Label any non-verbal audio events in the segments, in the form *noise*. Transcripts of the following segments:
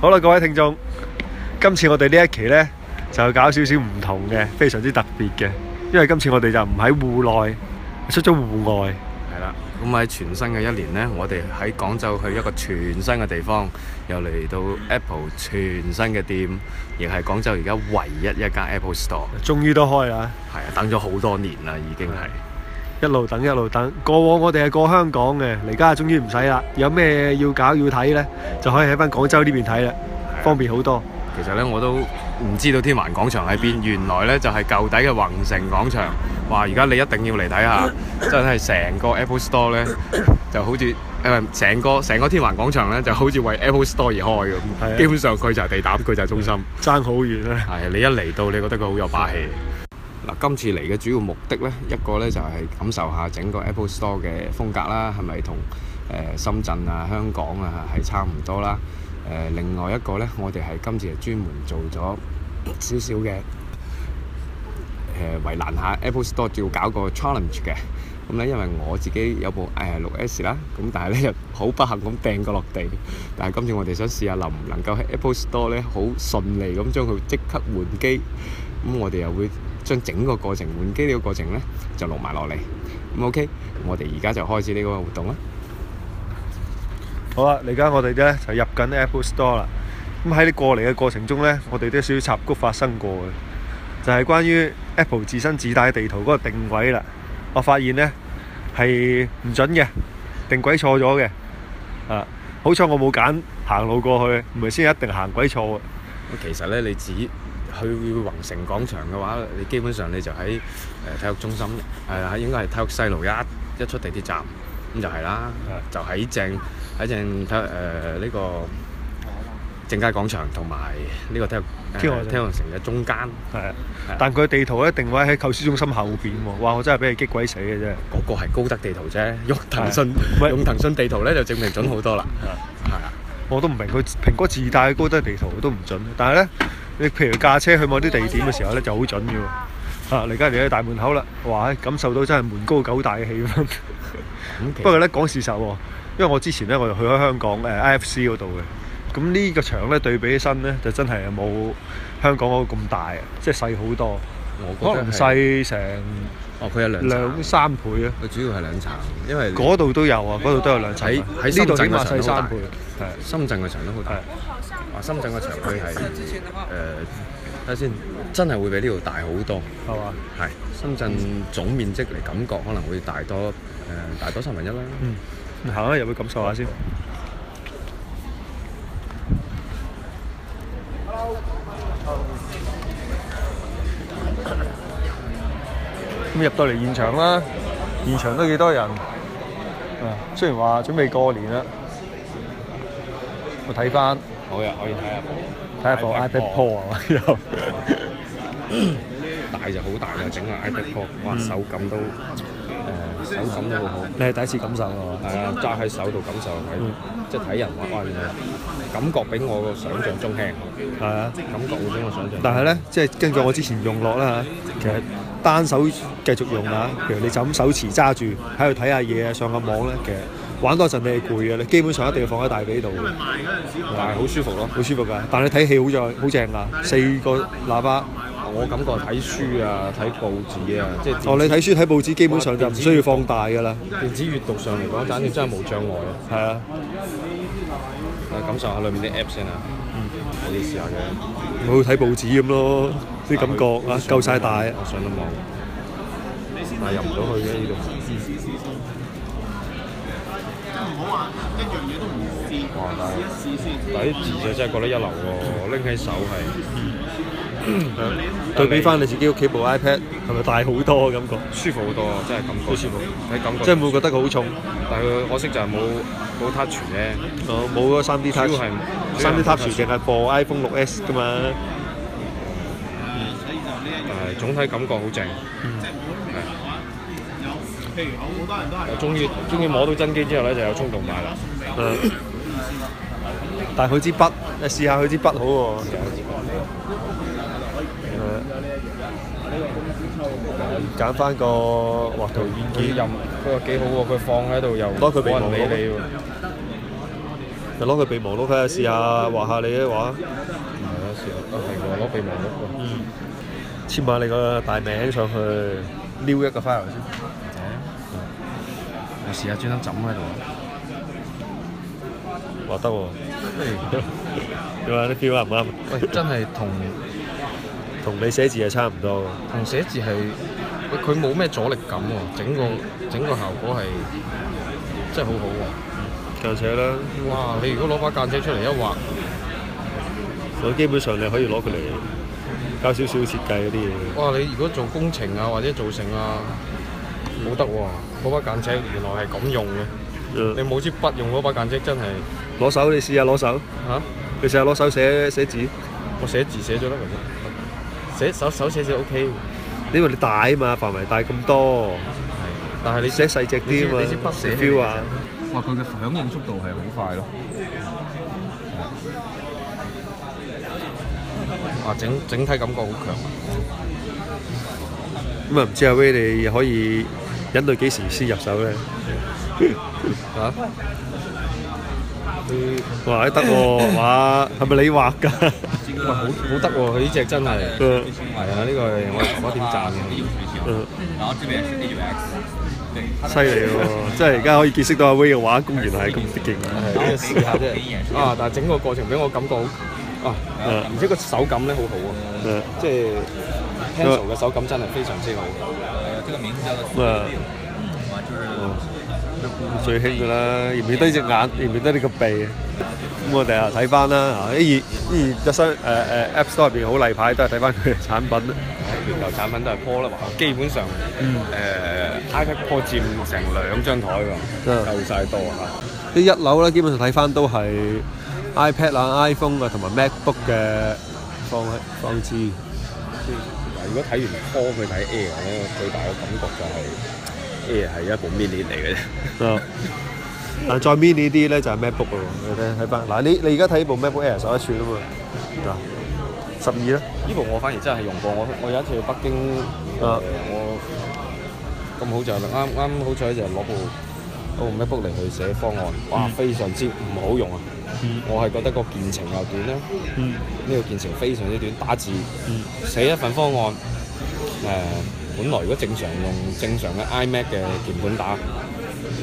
好啦，各位聽眾，今次我哋呢一期呢，就搞少少唔同嘅，非常之特別嘅。因為今次我哋就唔喺戶內，出咗戶外。係啦，咁喺全新嘅一年呢，我哋喺廣州去一個全新嘅地方，又嚟到 Apple 全新嘅店，亦係廣州而家唯一一間 Apple Store。終於都開啦！係啊，等咗好多年啦，已經係一路等一路等，一路等。過往我哋係過香港嘅，而家終於唔使啦。有咩要搞要睇呢？就可以喺翻廣州呢邊睇啦，係啊，方便好多。其實呢，我都～唔知道天環廣場喺邊，原來咧就係舊底嘅宏城廣場。哇！而家你一定要嚟睇下，真係成個 Apple Store 咧，就好似誒成個成個天環廣場咧，就好似為 Apple Store 而開咁。係啊，基本上佢就係地膽，佢就係中心。爭好遠啊！係，你一嚟到，你覺得佢好有霸氣。嗱，今次嚟嘅主要目的咧，一個咧就係感受下整個 Apple Store 嘅風格啦，係咪同誒深圳啊、香港啊係差唔多啦？另外一個呢，我哋係今次係專門做咗少少嘅誒為難下 Apple Store 要搞個 challenge 嘅，咁、嗯、咧因為我自己有部誒、呃、6S 啦，咁但係咧好不幸咁掟個落地，但係今次我哋想試下能唔能夠喺 Apple Store 呢好順利咁將佢即刻換機，咁、嗯、我哋又會將整個過程換機呢個過程呢，就錄埋落嚟。OK，我哋而家就開始呢個活動啦。好啦，而家我哋咧就入緊 Apple Store 啦。咁喺你過嚟嘅過程中咧，我哋都有少少插曲發生過嘅，就係關於 Apple 自身自帶地圖嗰個定位啦。我發現咧係唔準嘅，定鬼錯咗嘅。啊，好彩我冇揀行路過去，唔係先一定行鬼錯嘅。咁其實咧，你自己去宏城廣場嘅話，你基本上你就喺誒體育中心，係啊，應該係體育西路一一出地鐵站。咁就係啦，就喺正喺正睇誒呢個正佳廣場同埋呢個天河天河城嘅中間，係啊，的的但佢地圖一定位喺購書中心後邊喎，哇！我真係俾佢激鬼死嘅啫，嗰個係高德地圖啫，用騰訊唔係的用騰訊地圖咧就證明準好多啦，係啊，的我都唔明佢蘋果自帶嘅高德地圖都唔準，但係咧你譬如駕車去某啲地點嘅時候咧就好準嘅喎。啊！而家你喺大門口啦，哇！感受到真係門高狗大嘅氣氛。不過咧講事實喎，因為我之前咧我就去咗香港誒 I F C 嗰度嘅，咁呢個牆咧對比起身咧就真係冇香港嗰個咁大，即係細好多。可能細成哦，佢有兩三倍啊。佢主要係兩層，因為嗰度都有啊，嗰度都有兩層喺呢度整埋細三倍，大，深圳嘅牆都好大。深圳嘅牆佢係誒。睇下先，真係會比呢度大好多，係嘛？係，深圳總面積嚟感覺可能會大多，呃，大多三分一啦。嗯，行啦，入去感受下先。咁入到嚟現場啦，現場都幾多人。啊，雖然話準備過年啦，我睇翻，好呀，啊，可以睇下。睇下部 iPad Pro 啊，又大就好大嘅整個 iPad Pro，哇手感都誒手感都好好。你係第一次感受喎，係啊揸喺手度感受係，即係睇人畫開嘅感覺，比我個想像中輕。係啊，感覺會比我想象。但係咧，即係根據我之前用落啦嚇，其實單手繼續用啊，譬如你就咁手持揸住，喺度睇下嘢啊，上個網咧嘅。玩多陣你係攰嘅，你基本上一定要放喺大髀度。但係好舒服咯，好舒服㗎。但係你睇戲好在好正㗎，四個喇叭。我感覺睇書啊、睇報紙啊，即係哦，你睇書睇報紙基本上就唔需要放大㗎啦。電子閱讀上嚟講，簡直真係冇障礙。係啊，嚟感受下裏面啲 app 先啊。嗯，我哋試下嘅。我睇報紙咁咯，啲感覺啊，夠晒大，我上到網，但係入唔到去嘅呢度。哇！但係，但係啲字就真係覺得一流喎，拎起手係。嗯。對比翻你自己屋企部 iPad，係咪大好多感覺？舒服好多啊，真係感覺。好舒服，睇感覺。即係會覺得佢好重，但係佢可惜就係冇冇 Touch 屏咧。哦，冇嗰個 3D Touch。主要係 3D Touch 凈係播 iPhone 6s 㗎嘛。嗯。誒，總體感覺好正。嗯。例如好多人都係中意中意摸到真機之後咧，就有衝動買啦。誒，但係佢支筆，你試下佢支筆好喎。誒，揀翻個畫圖軟件，佢話幾好喎。佢放喺度又冇人理你喎。你攞佢備忘錄睇下，試下畫下你啲畫。唔係啊，試下攞備忘錄。嗯，簽埋你個大名上去，load 一個 file 先。試下專登揼喺度，畫得喎！你話啲標畫啱唔啱？喂，真係同同你寫字係差唔多。同寫字係，佢佢冇咩阻力感喎，整個整個效果係真係好好喎。間尺啦！哇，你如果攞把間尺出嚟一畫，我基本上你可以攞佢嚟搞少少設計嗰啲嘢。哇，你如果做工程啊，或者做成啊？冇得喎，嗰把間尺原來係咁用嘅。你冇支筆用嗰把間尺真係攞手，你試下攞手吓。你試下攞手寫寫字，我寫字寫咗得㗎啫。寫手手寫寫 O K。因為你大啊嘛，範圍大咁多。但係你寫細隻啲啊嘛。哇！佢嘅響應速度係好快咯。哇，整整體感覺好強啊。咁啊，唔知阿威你可以？忍耐幾時先入手咧？嚇！畫得喎畫，係咪你畫㗎？唔係好好得喎，佢呢隻真係，係啊，呢個係我係多一點贊嘅。犀利喎！即係而家可以見識到阿威嘅畫工，原來係咁勁。啊，但係整個過程俾我感覺好啊，而且個手感咧好好啊，即係 pencil 嘅手感真係非常之好。個名叫做最興噶啦，唔記得一隻眼，唔記得呢個鼻。咁我哋日睇翻啦，而、嗯、而、嗯、一箱誒誒，App Store 入邊好例牌，都係睇翻佢嘅產品。喺全球產品都係 Pro 啦嘛，基本上 Pad, iPhone, 4, 4，誒，iPad Pro 佔成兩張台噶，夠晒多啊！啲一樓咧，基本上睇翻都係 iPad 啊、iPhone 啊同埋 MacBook 嘅方方置。如果睇完光去睇 Air 咧，最大嘅感覺就係 Air 係一部 mini 嚟嘅。啊！但再 mini 啲咧就係 MacBook 喎。你睇睇翻嗱，你你而家睇呢部 MacBook Air 十一寸咯喎。嗱，十二咧？呢部我反而真係用過，我我有一次去北京，我咁好就係啱啱好彩就攞部攞部 MacBook 嚟去寫方案，哇，非常之唔好用啊！嗯、我係覺得個鍵程又短啦，呢、嗯、個鍵程非常之短，打字寫一份方案，誒、呃，本來如果正常用正常嘅 iMac 嘅鍵盤打，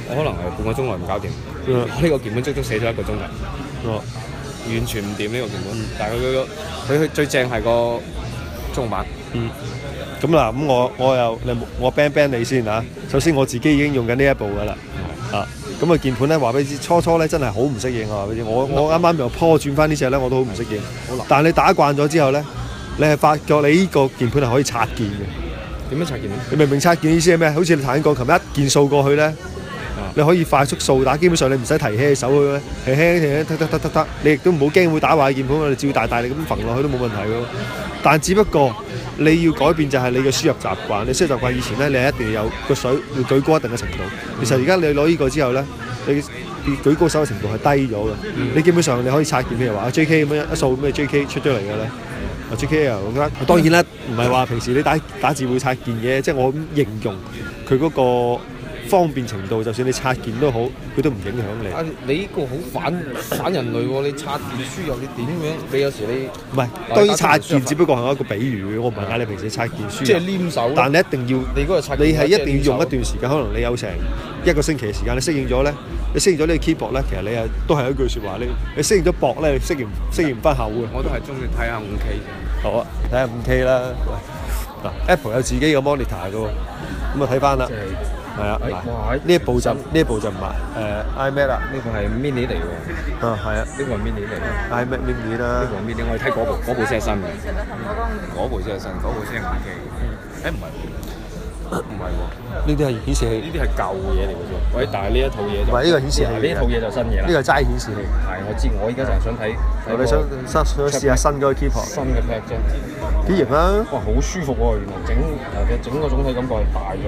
我可能係半個鐘內唔搞掂，呢、嗯、個鍵盤足足寫咗一個鐘頭，哦、完全唔掂呢個鍵盤，嗯、但係佢個佢最正係個觸板，咁嗱、嗯，咁、嗯、我我又你我 ban ban 你先吓、啊，首先我自己已經用緊呢一部噶啦，啊、嗯。嗯咁啊鍵盤咧，話俾你知初初咧真係好唔適應啊！話俾你知，我我啱啱由坡轉翻呢隻咧，我都好唔適應。但係你打慣咗之後咧，你係發覺你呢個鍵盤係可以拆鍵嘅。點樣拆鍵？你明明拆鍵嘅意思係咩？好似你彈鋼琴一鍵掃過去咧，你可以快速掃打，基本上你唔使提起手去咧，輕輕輕輕，突突突突突，你亦都唔好驚會打壞鍵盤，你照大大力咁揈落去都冇問題嘅。但只不過。你要改變就係你嘅輸入習慣，你輸入習慣以前咧，你一定要有個水要舉高一定嘅程度。其實而家你攞呢個之後咧，你舉高手嘅程度係低咗嘅。嗯、你基本上你可以拆件咩話啊？JK 咁樣一數咩 JK 出咗嚟嘅咧啊？JK 啊，JK 又咁樣當然啦，唔係話平時你打打字會拆件嘅，即、就、係、是、我形容佢嗰、那個。方便程度，就算你拆件都好，佢都唔影響你。啊、你呢個好反反人類喎、哦！你拆件輸入你點樣？你有時你唔係，對於拆件只不過係一個比喻，反我唔係嗌你平時拆件輸入即係黏手。但你一定要，你嗰個拆件，你係一定要用一段時間，可能你有成一個星期嘅時間，你適應咗咧，你適應咗呢個 keyboard 咧，其實你係都係一句説話，你適你適應咗薄咧，你適應適應唔翻厚嘅。我都係中意睇下五 K 嘅。好啊，睇下五 K 啦。喂，嗱，Apple 有自己嘅 monitor 嘅喎，咁啊睇翻啦。嗯係啊，呢部就呢部就唔係，誒，iPad 呢部係 mini 嚟嘅，啊，係啊，呢個 mini 嚟 iPad mini 啦，呢個 mini 我哋睇嗰部，嗰部先係新嘅，嗰部先係新，嗰部先係五 K 嘅，誒唔係唔係喎，呢啲係顯示器，呢啲係舊嘅嘢嚟嘅啫，喂，但係呢一套嘢就，唔係呢個顯示器，呢一套嘢就新嘢啦，呢個齋顯示器，係，我知，我而家就係想睇，我想想試下新嗰個 Keyboard，新嘅 Pack 腳啫，幾型啊，哇，好舒服喎，原來整誒整個總體感覺係大咗。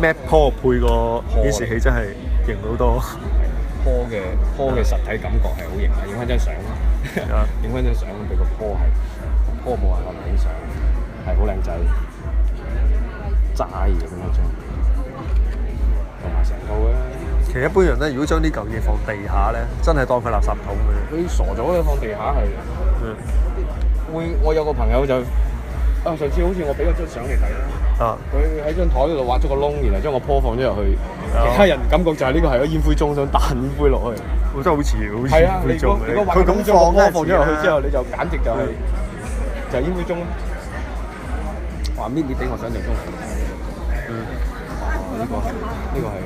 Mac Pro 配個顯示器真係型好多，Pro 嘅 Pro 嘅實體感覺係好型啊！影翻張相啊，影翻 *laughs* 張相 o 咁俾個 Pro 係 Pro 冇話我唔影相，係好靚仔揸嘢咁一種，同埋成套咧。其實一般人咧，如果將啲嚿嘢放地下咧，真係當佢垃圾桶。佢傻咗咧，放地下係嗯會。我有個朋友就。上次好似我俾咗張相嚟睇啦，佢喺張台度挖咗個窿，然後將個波放咗入去。其他人感覺就係呢個係個煙灰盅想彈煙灰落去，真係好似，好似佢做佢咁放咧，放咗入去之後，你就簡直就係就煙灰盅咯。哇！搣搣地，我想嚟中嗯，呢個呢個係。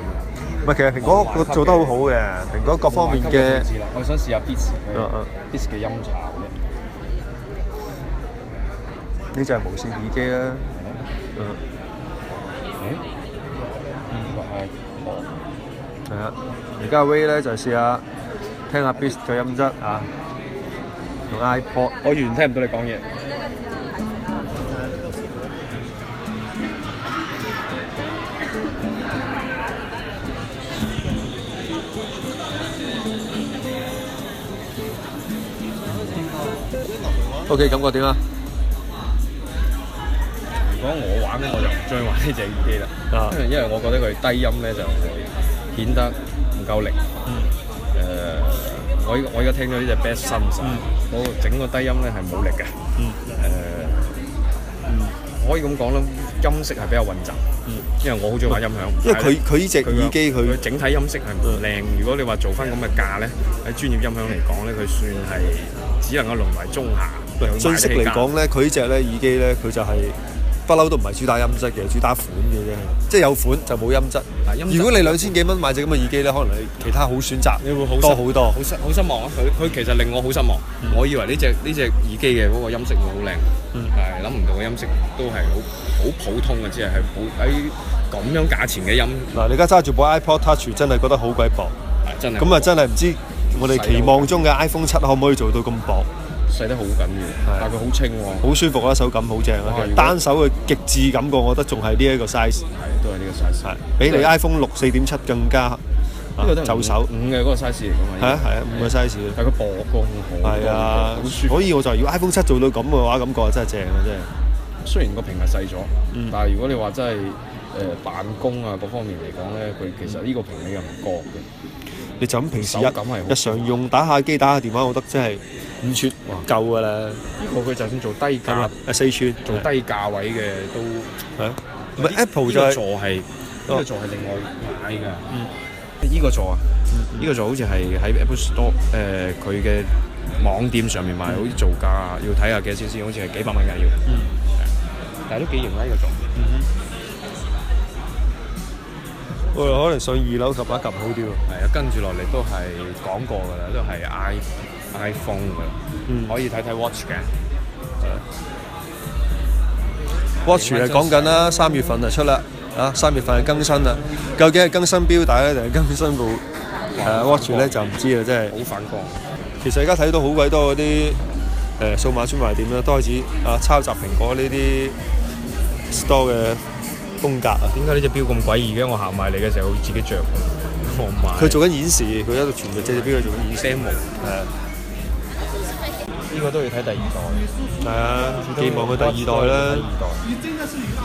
唔係嘅，其實蘋果佢做得好好嘅，蘋果各方面嘅。我想試下 Biss 嘅音茶。呢隻就係無線耳機啦。嗯？欸、嗯？嗯，係。啊，而家阿 Ray 咧就試下聽下 Beats 嘅音質啊。用 iPod。我完全聽唔到你講嘢。嗯、OK，感覺點啊？講我玩咧，我就唔中意玩呢隻耳機啦。啊，因為我覺得佢低音咧就會顯得唔夠力。嗯。誒，我依我依家聽咗呢隻 Best 新神，我整個低音咧係冇力嘅。嗯。誒。嗯。可以咁講啦，音色係比較混雜。嗯。因為我好中意玩音響。因為佢佢呢隻耳機佢，整體音色係唔靚。如果你話做翻咁嘅價咧，喺專業音響嚟講咧，佢算係只能夠淪為中下。音色嚟講咧，佢呢隻咧耳機咧，佢就係。不嬲都唔係主打音質嘅，主打款嘅啫。即係有款就冇音質。音質如果你兩千、嗯、幾蚊買隻咁嘅耳機咧，可能你其他好選擇你會多，多好多。好失好失望啊！佢佢其實令我好失望。嗯、我以為呢隻呢隻耳機嘅嗰個音色會好靚，係諗唔到嘅音色都係好好普通嘅，即係喺咁樣價錢嘅音。嗱，你而家揸住部 iPod Touch 真係覺得好鬼薄。真係咁啊，真係唔知我哋期望中嘅 iPhone 七可唔可以做到咁薄？細得好緊要，但係佢好清喎，好舒服啊，手感好正啊，單手嘅極致感覺，我覺得仲係呢一個 size。係，都係呢個 size。比你 iPhone 六四點七更加就手五嘅嗰個 size 嚟㗎係啊，係啊，五嘅 size。但係佢薄光好，係啊，好舒服。所以我就係如果 iPhone 七做到咁嘅話，感覺真係正啊！真係。雖然個屏係細咗，但係如果你話真係誒辦公啊各方面嚟講咧，佢其實呢個屏你又唔覺嘅。你就咁平時日日常用打下機打下電話，我覺得真係。五寸哇，夠㗎啦！呢個佢就算做低價，誒四寸做低價位嘅都係啊，唔係 Apple 就係一個座係呢個座係另外買㗎。嗯，呢個座啊，呢個座好似係喺 Apple Store 誒佢嘅網店上面買，好似做價要睇下幾多錢先，好似係幾百蚊㗎要。嗯，但係都幾型咧呢個座。嗯哼，喂，可能上二樓夾一夾好啲喎。係啊，跟住落嚟都係講過㗎啦，都係 I，iPhone 嘅，嗯，可以睇睇 Watch 嘅，Watch 係講緊啦，三月份就出啦，啊，三月份就更新啦，究竟係更新表帶咧，定係更新部誒 Watch 咧就唔知啦，真係。好反光。其實而家睇到好鬼多嗰啲誒數碼專賣店咧，都開始啊抄襲蘋果呢啲 Store 嘅風格啊。點解呢隻表咁詭異嘅？我行埋嚟嘅時候會自己着。佢做緊演示，佢喺度全部隻隻表佢做緊演示啊。呢個都要睇第二代，係啊，寄望佢第二代啦。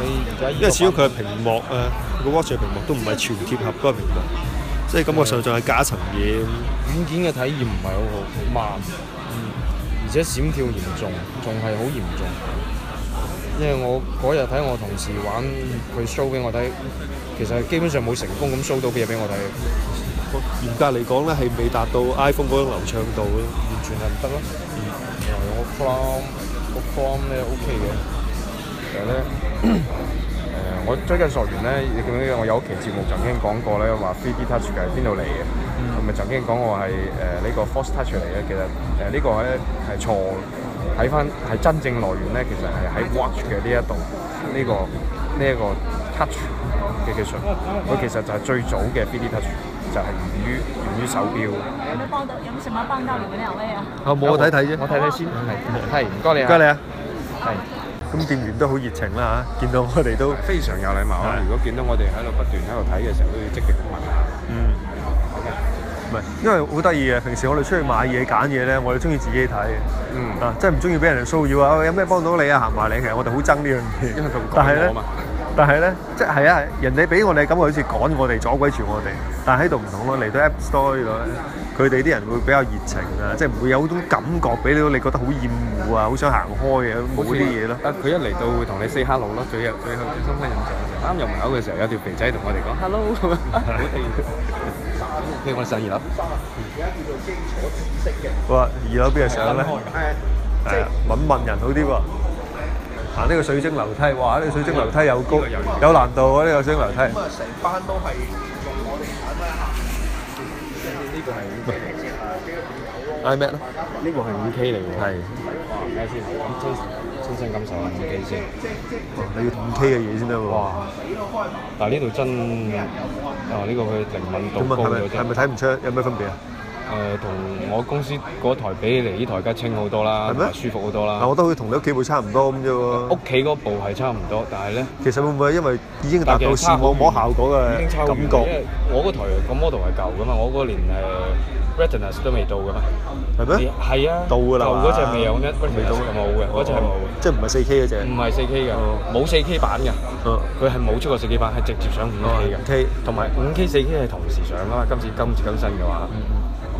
你而家因為始終佢係屏幕啊，個 watch 嘅屏幕都唔係全貼合嗰個屏幕，即係感覺上就係加一層嘢。軟件嘅體驗唔係好好，慢，嗯、而且閃跳嚴重，仲係好嚴重。因為我嗰日睇我同事玩，佢 show 俾我睇，其實基本上冇成功咁 show 到嘅嘢俾我睇。嚴格嚟講咧，係未達到 iPhone 嗰種流暢度咯，嗯、完全係唔得咯。個 form 咧 OK 嘅、uh,，其實咧，誒、呃，我最近溯源咧，你記唔記得我有一期節目曾經講過咧，話 three D touch 係邊度嚟嘅？同埋、嗯、曾經講過係誒呢個 force touch 嚟嘅。其實誒呢、呃這個咧係錯，睇翻係真正來源咧，其實係喺 watch 嘅呢一度，呢、這個呢一、這個 touch 嘅技術，佢其實就係最早嘅 three D touch。就係魚魚手錶。有咩幫到？有咩食物幫到你嘅？有咩啊？好，冇啊，睇睇啫。我睇睇先。係，唔該你啊。唔該你啊。係。咁店員都好熱情啦嚇，見到我哋都非常有禮貌啊。如果見到我哋喺度不斷喺度睇嘅時候，都要積極問。嗯。好嘅。唔係，因為好得意啊，平時我哋出去買嘢揀嘢咧，我哋中意自己睇嘅。嗯。啊，真係唔中意俾人哋騷擾啊！有咩幫到你啊？行埋嚟，其實我哋好憎呢樣嘢。因為咁講嘢啊嘛。但係咧，即係啊！人哋俾我哋感覺好似趕我哋，阻鬼住我哋。但係喺度唔同咯，嚟到 App Store 度，佢哋啲人會比較熱情啊，即係唔會有種感覺俾到你覺得好厭惡啊，好想行開嘅嗰啲嘢咯。啊，佢一嚟到會同你 say hello 咯，最入最後最深刻印象嘅時候。啱入門口嘅時候有條肥仔同我哋講 hello。我哋上二樓？而家叫做基礎知識嘅。哇！二樓邊度上咧？係啊，文文問問人好啲喎。嗱，呢個水晶樓梯，哇！呢個水晶樓梯有高有難度喎，呢個水晶樓梯。咁啊，成班都係用我哋產品啊！呢個係，iMac 咯，呢個係 5K 嚟㗎。係。睇下先，親身感受下 5K 先。即即你要 5K 嘅嘢先得喎。哇！但係呢度真，啊呢個佢靈敏度高咗。咁啊，係咪係咪睇唔出有咩分別啊？誒同我公司嗰台比起嚟，呢台梗係清好多啦，係咩？舒服好多啦。但我覺得佢同你屋企部差唔多咁啫喎。屋企嗰部係差唔多，但係咧，其實會唔會因為已經達到視網膜效果嘅感覺？我嗰台個 model 係舊噶嘛，我嗰年誒 retinas 都未到噶，係咩？係啊，到噶啦嘛。舊嗰隻未啊，我而家未到嘅冇嘅，嗰隻係冇嘅。即係唔係 4K 嗰隻？唔係 4K 嘅，冇 4K 版嘅。嗯。佢係冇出過 4K 版，係直接上 5K 嘅。K 同埋 5K、4K 係同時上啦。今次今次更新嘅話。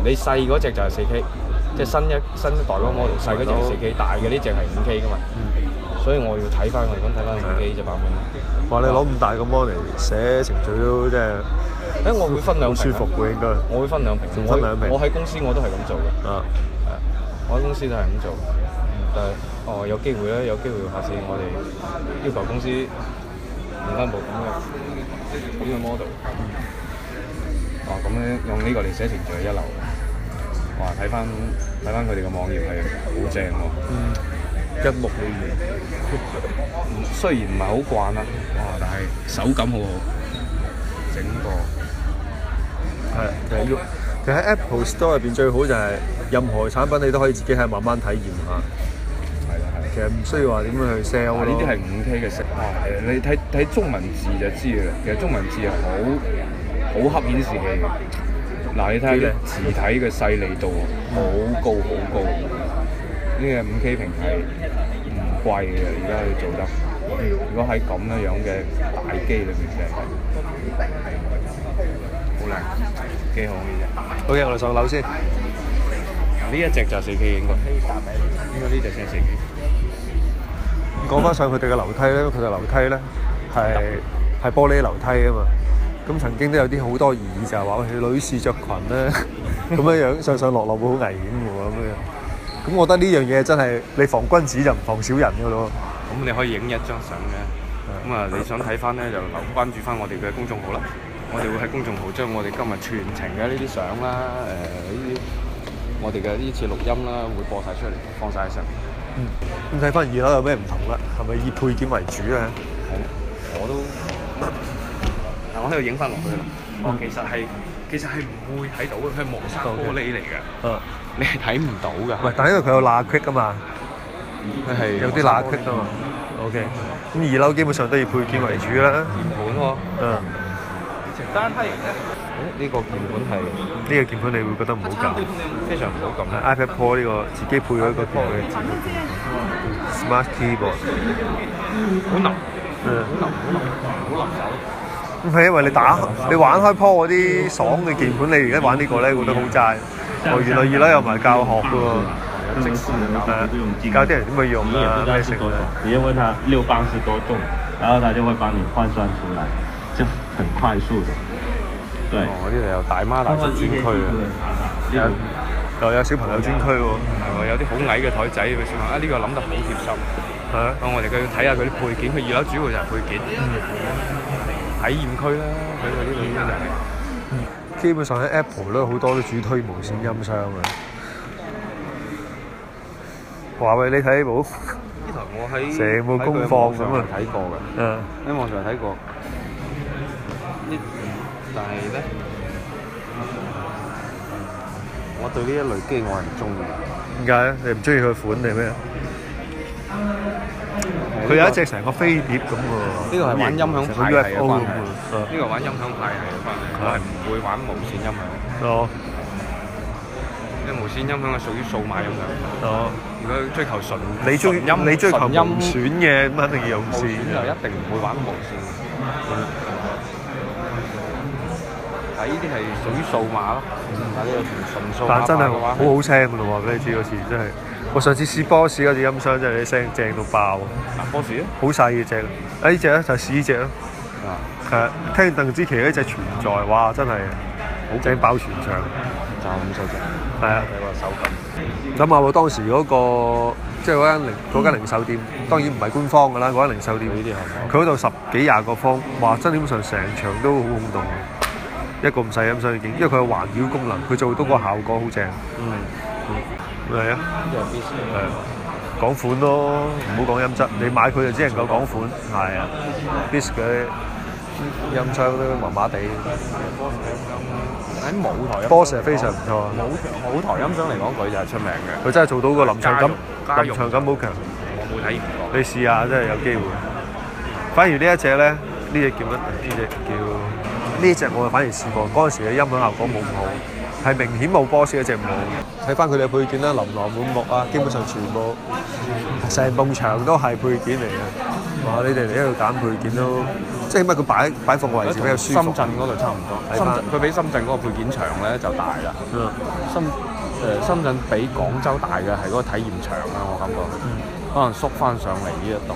你細嗰隻就係四 K，即係新一新代 model, 一代嗰個 model，細嗰隻四 K，大嘅呢隻係五 K 噶嘛，嗯、所以我要睇翻我哋講睇翻五 K 隻版本。話你攞咁大個 monitor 寫程序都即係，誒我會分兩屏，舒服應我會分兩屏，分兩平我喺公司我都係咁做嘅。啊，我喺公司都係咁做，但係哦有機會咧，有機會,有機會下次我哋要求公司換翻部咁嘅咁嘅 model。這個 model, 咁咧用呢個嚟寫程序係一流嘅。哇！睇翻睇翻佢哋嘅網頁係好正喎，一目了然。 *laughs* 雖然唔係好慣啦，哇！但係手感好好，整個係就係喐，其實喺 Apple Store 入邊最好就係任何產品你都可以自己喺慢慢體驗下，係啦係，其實唔需要話點樣去 sell 呢啲係五 K 嘅食，哇、啊！你睇睇中文字就知啦，其實中文字係好。好黑顯示器嘅，嗱你睇下啲字體嘅細膩度，好高好高。呢個五 K 屏係唔貴嘅，而家佢做得，如果喺咁樣樣嘅大機裏面嘅，好靚，幾好嘅啫。好嘅，我哋上樓先。呢一隻就係四 K 應該。應該呢隻先係四 K。講返上佢哋嘅樓梯咧，佢哋樓梯咧係係玻璃樓梯啊嘛。咁曾經都有啲好多異議，就係話喂女士着裙咧，咁樣樣上上落落會好危險嘅喎，咁樣。咁我覺得呢樣嘢真係你防君子就唔防小人嘅咯。咁你可以影一張相嘅。咁啊的，你想睇翻咧就留關注翻我哋嘅公眾號啦。我哋會喺公眾號將我哋今日全程嘅呢啲相啦，誒呢啲我哋嘅呢次錄音啦，會播晒出嚟，放曬上。嗯。咁睇翻二樓有咩唔同啦？係咪以配件為主啊？好，我都。我 *laughs* 喺度影翻落去啦！哦，其實係，其實係唔會睇到嘅，佢係磨砂玻璃嚟嘅。嗯，你係睇唔到㗎。喂，但因為佢有罅隙啊嘛，佢係有啲罅隙啊嘛。OK，咁二樓基本上都以配件為主啦。鍵盤喎。嗯。成單梯嘅？呢個鍵盤係呢個鍵盤，你會覺得唔好撳，非常唔好撳。iPad Pro 呢個自己配咗一個 Pro 嘅鍵盤。Smart Keyboard。好冷。嗯。唔係因為你打，你玩開鋪嗰啲爽嘅鍵盤，你而家玩呢個咧，覺得好齋。哦，原來二樓又唔係教學噶喎，教啲人點樣用啊！你又問佢六磅係多重，然後佢就會幫你換算出嚟，就很快速嘅。對，哦，嗰啲又大媽大叔專區啊，又有，有小朋友專區喎。有啲好矮嘅台仔，佢小朋友啊，呢個諗得好貼心。係啊，咁我哋要睇下佢啲配件，佢二樓主要就係配件。體驗區啦，佢就係呢度，基本上喺 Apple 咧好多都主推無線音箱嘅。華為你睇冇？呢台我喺喺網上睇過㗎，喺網上睇過。但係咧，我對呢一類機我係唔中意。點解咧？你唔中意佢款定咩？佢有一隻成個飛碟咁喎，呢個係玩音響牌嚟嘅關係。呢個玩音響牌係嘅關係，佢係唔會玩無線音響。哦，啲無線音響係屬於數碼音響。哦，如果追求純，你追音，你追求音選嘅，咁一定要用線。無線就一定唔會玩無線。嗯，但係呢啲係屬於數碼咯。但係呢個純數碼嘅話，但真係好好聽嘅咯喎！俾你知嗰時真係。我上次試 BOSS 嗰隻音箱真係你聲正到爆啊！BOSS 啊，好細嘅隻啊！呢隻咧就試呢隻咯啊，係聽鄧紫棋嗰隻存在哇，真係好正爆全場，就咁細隻。係啊，睇個手感。咁啊，當時嗰個即係嗰間零嗰間零售店，當然唔係官方㗎啦。嗰間零售店呢啲係佢嗰度十幾廿個方，哇！真係基本上成場都好空洞一個唔細音箱已經，因為佢有環繞功能，佢做到個效果好正。嗯。係啊！係啊，講款咯，唔好講音質。你買佢就只能夠講款，係啊，Bose 嘅音響都麻麻地。喺舞台，Bose 非常唔錯。舞台音響嚟講，佢就係出名嘅。佢真係做到個臨場感，臨場感好強。我冇睇。你試下，真係有機會。反而呢一隻咧，呢隻叫乜？呢隻叫呢隻，我反而試過。嗰陣時嘅音響效果冇咁好。.係明顯冇波士嘅只冇，睇翻佢哋嘅配件啦，琳琅滿目啊，基本上全部成埲牆都係配件嚟嘅。哇！你哋嚟呢度揀配件囉，嗯、即係起碼佢擺擺放嘅位置比較舒服。深圳嗰度差唔多，深圳佢比深圳嗰個配件場咧就大啦。嗯、深誒、呃、深圳比廣州大嘅係嗰個體驗場啦，我感覺，嗯、可能縮翻上嚟呢一度。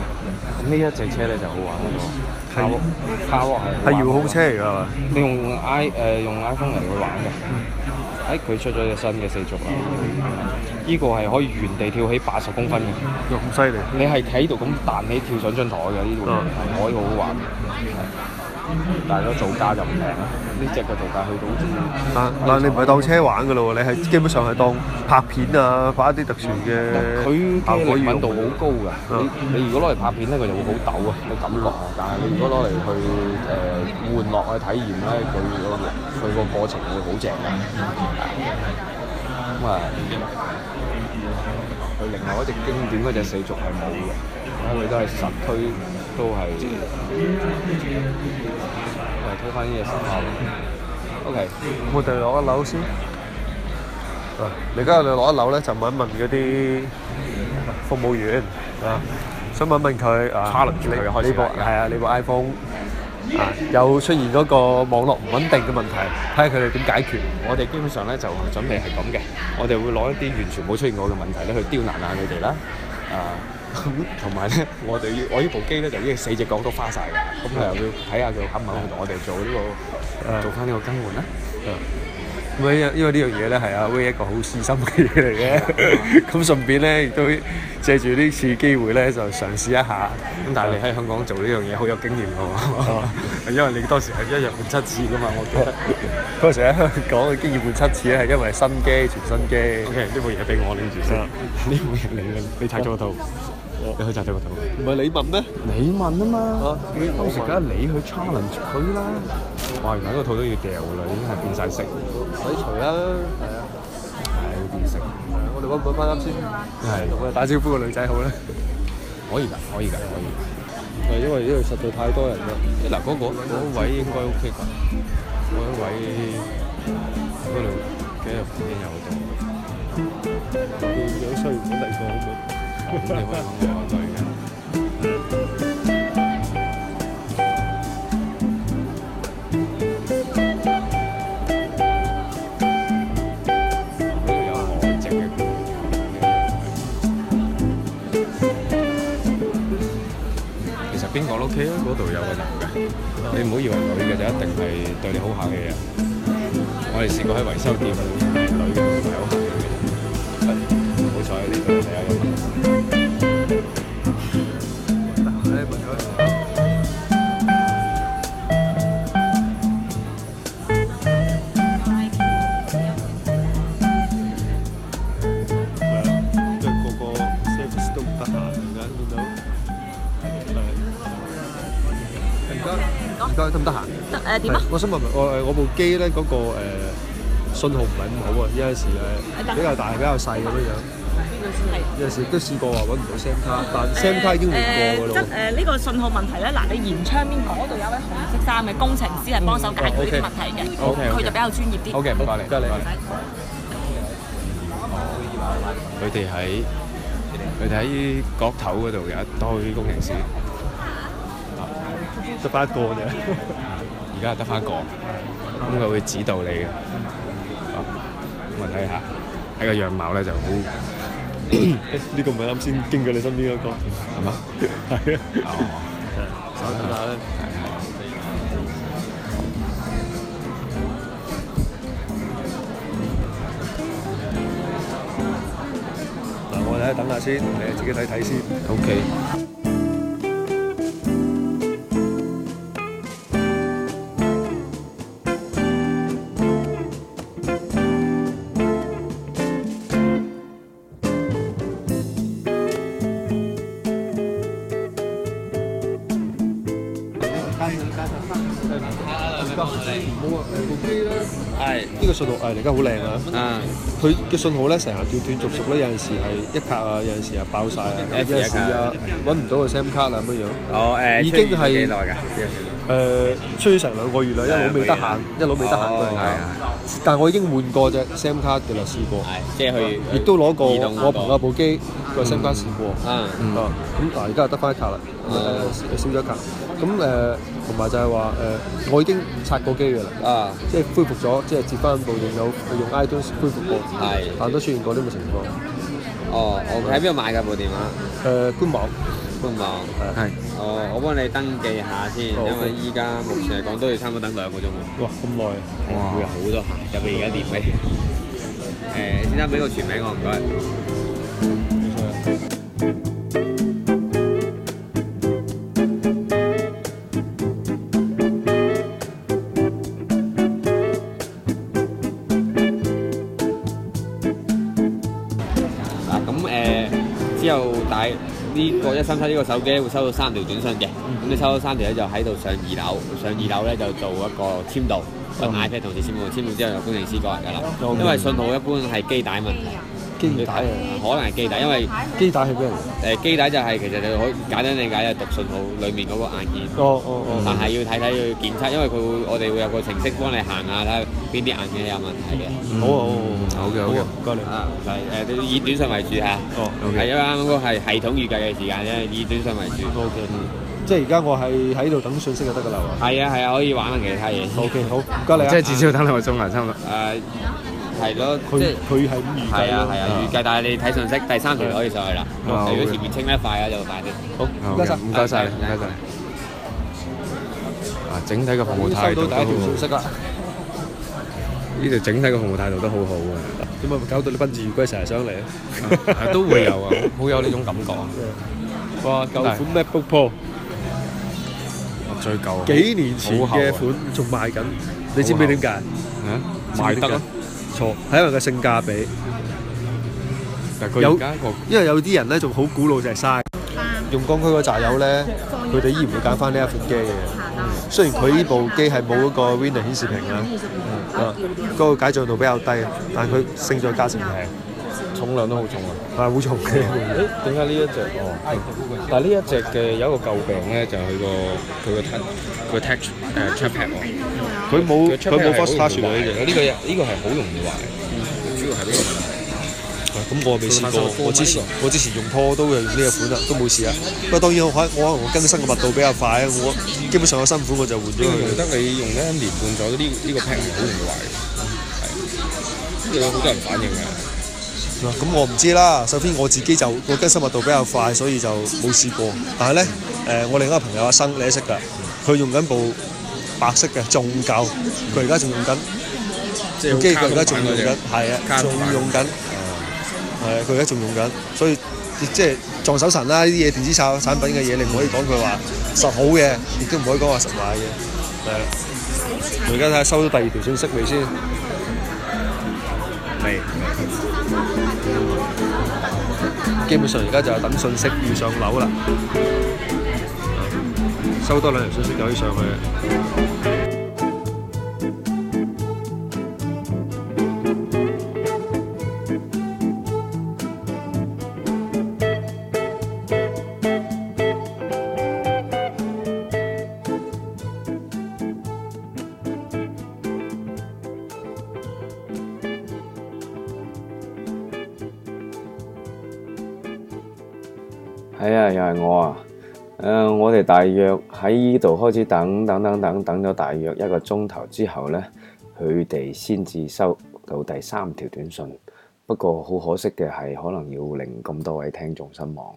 呢一隻車咧就好玩咯，卡洛卡洛係係遙控車嚟㗎嘛，你用 I 誒、呃、用 iPhone 嚟去玩嘅，誒佢、嗯哎、出咗隻新嘅四足啦，呢、這個係可以原地跳起八十公分嘅，咁犀利！你係企度咁彈起、嗯、跳上張台嘅，呢、這、度、個、可以好好玩。嗯嗯但係咧造價就唔平啦，呢隻嘅造價去到好啊？嗱你唔係當車玩嘅咯喎，你係基本上係當拍片啊，拍一啲特殊嘅。佢嘅靈敏度好高㗎、啊，你如果攞嚟拍片咧，佢就會好抖啊，啲感落啊。但係你如果攞嚟去誒、呃、玩樂去體驗咧，佢個佢個過程會好正嘅。咁啊、嗯，佢哇另外一隻經典嘅隻四駿係冇嘅，我哋、嗯嗯、都係實推。都係，嚟睇翻啲嘢先嚇。O K，我哋攞一樓先。啊，你而家你攞一樓咧，就問一問嗰啲服務員啊，想問問佢啊。你你部係啊？你部 iPhone 啊，又出現嗰個網絡唔穩定嘅問題，睇下佢哋點解決。我哋基本上咧就準備係咁嘅，我哋會攞一啲完全冇出現過嘅問題咧去刁難下佢哋啦，啊。咁同埋咧，我哋要我呢部機咧，就已經四隻角都花晒嘅，咁啊又要睇下佢肯唔肯同我哋做呢個做翻呢個更換啦。啊，因因為呢樣嘢咧，係阿威一個好私心嘅嘢嚟嘅。咁順便咧，亦都借住呢次機會咧，就嘗試一下。咁但係你喺香港做呢樣嘢好有經驗嘅喎，因為你當時係一日換七次嘅嘛。我記得嗰時喺香港嘅經驗換七次咧，係因為新機全新機。O K，呢部嘢俾我拎住先。呢部嘢你你拆咗套。你去就睇個肚，唔係你問咩？你問啊嘛，你當時梗係你去 challenge 佢啦。哇！原來個肚都要掉啦，已經係變曬色。唔使除啦，係啊，係要變色。誒，我哋揾揾翻啱先。係，我哋打招呼個女仔好啦。可以噶，可以噶，可以。係因為因為實在太多人啦。嗱，嗰個嗰位應該 OK 㗎。嗰位，嗰度，今日影又好多。兩衰唔好第一個好唔好？其實邊個都 OK 啊，嗰度有個男嘅，你唔好以為女嘅就一定係對你好客嘅人。我哋試過喺維修店。唔該，唔該，得唔得閒？得誒點啊？我想問問我誒，我部機咧嗰個誒信號唔係咁好啊，有陣時誒比較大，比較細咁樣樣。邊個先係？有陣時都試過話揾唔到 SIM 卡，但 SIM 卡已經換過嘅啦。真誒，呢個信號問題咧，嗱，你沿窗邊嗰度有位紅色衫嘅工程師係幫手解決呢啲問題嘅，佢就比較專業啲。好嘅，唔該你，唔該你。佢哋喺佢哋喺角頭嗰度有一堆工程師，啊，得翻一個啫，而家得翻一個，咁佢會指導你嘅，啊，咁我睇下，睇個樣貌咧就好，呢個唔係啱先經過你身邊嗰個，係嘛？係啊，手指下咧。嚟，等下先，你自己睇睇先。OK。誒而家好靚啊！啊，佢嘅信號咧成日斷斷續續咧，有陣時係一卡啊，有陣時係爆晒。啊，有陣時啊揾唔到個 SIM 卡啊咁樣。哦誒，已經係幾耐？誒，出咗成兩個月啦，一路未得閒，一路未得閒都係。哦，係但我已經換過隻 SIM 卡嘅啦，試過。即係去。亦都攞過我朋友部機個 SIM 卡試過。啊，咁但係而家就得翻一卡啦，誒少咗一卡。咁誒。同埋就係話誒，我已經拆過機嘅啦，啊，即係恢復咗，即係接翻部電腦，用 iOS 恢復過，係，但都出現過呢個情況。哦，我喺邊度買嘅部電話？誒，官網。官網，係。哦，我幫你登記下先，因為依家目前嚟講都要差唔多等兩個鐘喎。哇，咁耐。哇。會有好多下，特別而家年尾。誒，先生俾個全名我唔該。新出呢個手機會收到三條短信嘅，咁、嗯、你收到三條咧就喺度上二樓，上二樓咧就做一個簽到，同、哦、iPad 同事簽到。簽到之後由工程師過嚟嘅啦，嗯、因為信號一般係機帶問題。基帶啊，可能係基帶，因為基帶係咩嚟？誒，基帶就係其實你可以簡單理解係，讀訊號裡面嗰個硬件。哦哦哦。但係要睇睇要檢測，因為佢會我哋會有個程式幫你行下睇下，邊啲硬件有問題嘅。好好好嘅好嘅，唔該你啊！嚟誒，以短信為主啊。哦，OK。係啊，嗰個係系統預計嘅時間啫，以短信為主。OK。即係而家我係喺度等訊息就得噶啦喎。係啊係啊，可以玩下其他嘢。OK，好，唔該你啊！即係至少等兩個鐘啊，差唔多。係咯，即係佢係咁預計，係啊係啊預計，但係你睇信息，第三條可以上去啦。如果前面清得快啊，就快啲。好，唔該曬，唔該曬，唔該曬。啊，整體嘅服務態度都好好。收到第一條信息啦。呢條整體嘅服務態度都好好啊。點解會搞到你賓至如歸，成日上嚟啊？都會有啊，好有呢種感覺。哇，舊款 MacBook Pro，最舊幾年前嘅款仲賣緊，你知唔知點解？啊，賣得咯。係因為個性價比，有因為有啲人咧仲好古老就係嘥，用光區嗰扎友咧，佢哋依然會揀翻呢一款機嘅。嗯、雖然佢呢部機係冇一個 Windows 顯示屏啦，嗯、啊，個、嗯、解像度比較低，但係佢性價比仲平，嗯、重量都好重啊，但係好重嘅。誒、欸，點解呢一隻？哦，嗯、但係呢一隻嘅有一個舊病咧，就係佢個佢個塔佢個 touch 誒 trackpad 佢冇佢冇 fast charge 呢隻，呢個又呢個係好容易壞嘅。主要係呢個問題。咁我未試過，我之前我之前用拖都會用呢個款啦，都冇事啊。不過當然我可能我更新嘅密度比較快啊，我基本上有新款我就換咗佢。得你用咗一年半咗呢，呢個屏係好容易壞嘅。係。有好多人反應嘅。咁我唔知啦。首先我自己就我更新密度比較快，所以就冇試過。但係咧，誒，我另一個朋友阿生你都識㗎，佢用緊部。白色嘅仲舊，佢而家仲用緊，部機佢而家仲用緊，係啊，仲用緊，係啊，佢而家仲用緊，所以即係撞手神啦，呢啲嘢電子產產品嘅嘢，你唔可以講佢話實好嘅，亦都唔可以講話實壞嘅，係啊。我而家睇下收到第二條信息未先？未。基本上而家就係等信息遇上樓啦。收多兩條信息，攞起上去。係啊，哎，又係我啊！我哋大約喺呢度開始等，等等等等，等咗大約一個鐘頭之後呢，佢哋先至收到第三條短信。不過好可惜嘅係，可能要令咁多位聽眾失望，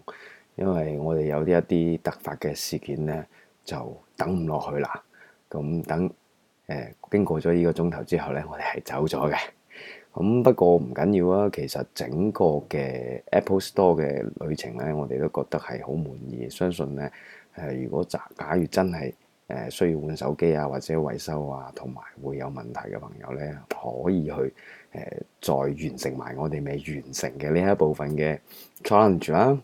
因為我哋有啲一啲突發嘅事件呢，就等唔落去啦。咁等誒、呃，經過咗呢個鐘頭之後呢，我哋係走咗嘅。咁不過唔緊要啊，其實整個嘅 Apple Store 嘅旅程呢，我哋都覺得係好滿意，相信呢。誒，如果假假如真係誒需要換手機啊，或者維修啊，同埋會有問題嘅朋友咧，可以去誒再完成埋我哋未完成嘅呢一部分嘅 challenge 啦。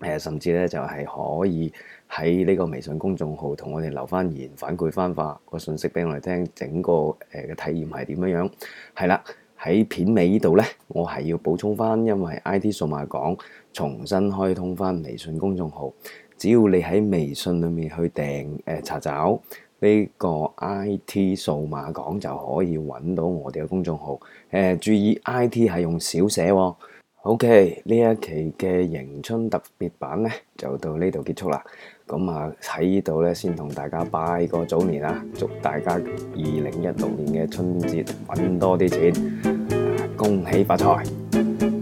誒，甚至咧就係可以喺呢個微信公眾號同我哋留翻言反饋翻話個信息俾我哋聽，整個誒嘅體驗係點樣樣？係啦，喺片尾呢度咧，我係要補充翻，因為 IT 數碼講重新開通翻微信公眾號。只要你喺微信裏面去訂，誒、呃、查找呢、這個 IT 數碼講就可以揾到我哋嘅公眾號。誒、呃、注意，IT 係用小寫喎、哦。OK，呢一期嘅迎春特別版呢就到呢度結束啦。咁啊喺呢度呢，先同大家拜個早年啊，祝大家二零一六年嘅春節揾多啲錢、呃，恭喜發財！